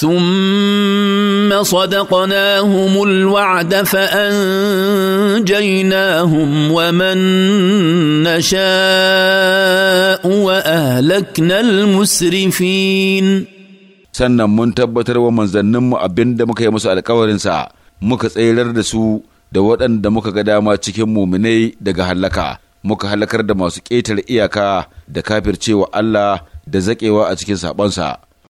ثم صدقناهم الوعد فانجيناهم ومن نشاء واهلكنا المسرفين sannan mun tabbatar wa manzanninmu abin da muka yi musu alkawarinsa muka tsayar da su da waɗanda muka ga dama cikin muminai daga hallaka muka halakar da masu ƙetare iyaka da kafircewa Allah da zaƙewa a cikin saɓonsa.